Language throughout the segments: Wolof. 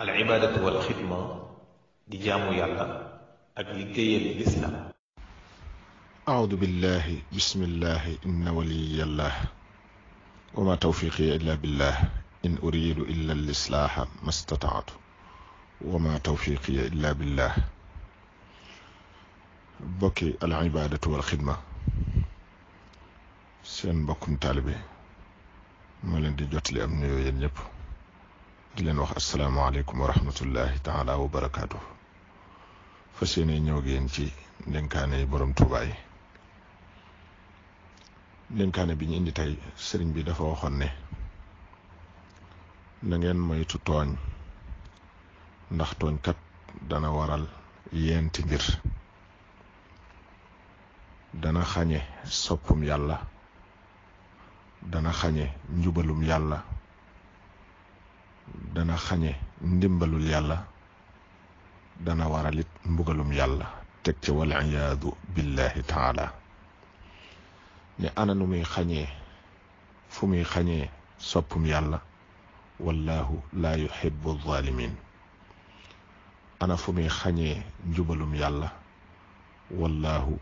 العبادة والخدمة لجامو xidma di jaamu yàlla أعوذ بالله بسم الله إن ولي الله وما توفيقي إلا بالله إن أريد إلا الإصلاح ما استطعت وما توفيقي إلا بالله بكي العبادة والخدمة سين بكم طالبي ما لن دي جوتلي أمنيو ينيبو di leen wax asalaamaaleykum wa rahmatullahi taala wa barakaatu fas yéene ñëw ak yéen ci ndénkaane yi borom tuubaay ndénkaane bi ñu indi tey sëriñ bi dafa waxoon ne na ngeen moytu tooñ ndax tooñ kat dana waral yeenti mbir dana xañe soppum yàlla dana xañe njubalum yàlla dana xagne ndimbalul yàlla dana waralit mbugalum yàlla tek ci wal iyaadu billahi taala ne ana nu xagne xañee xagne sopum yàlla wallahu la yuhibbu adh-dhalimin ana fu xagne njubalum yàlla wallahu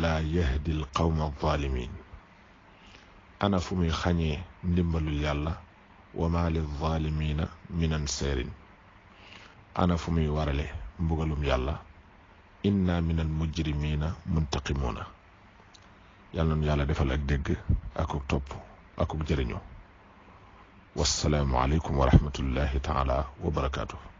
laa yahdi alqawma alzalimin ana fu muy xañee ndimbalul yàlla وما للظالمين من انصار انا فمي ورالي مبغلوم يالا انا من المجرمين منتقمون يالنا يالا ديفال اك دغ اكو توب اكو جيرينو والسلام عليكم ورحمه الله تعالى وبركاته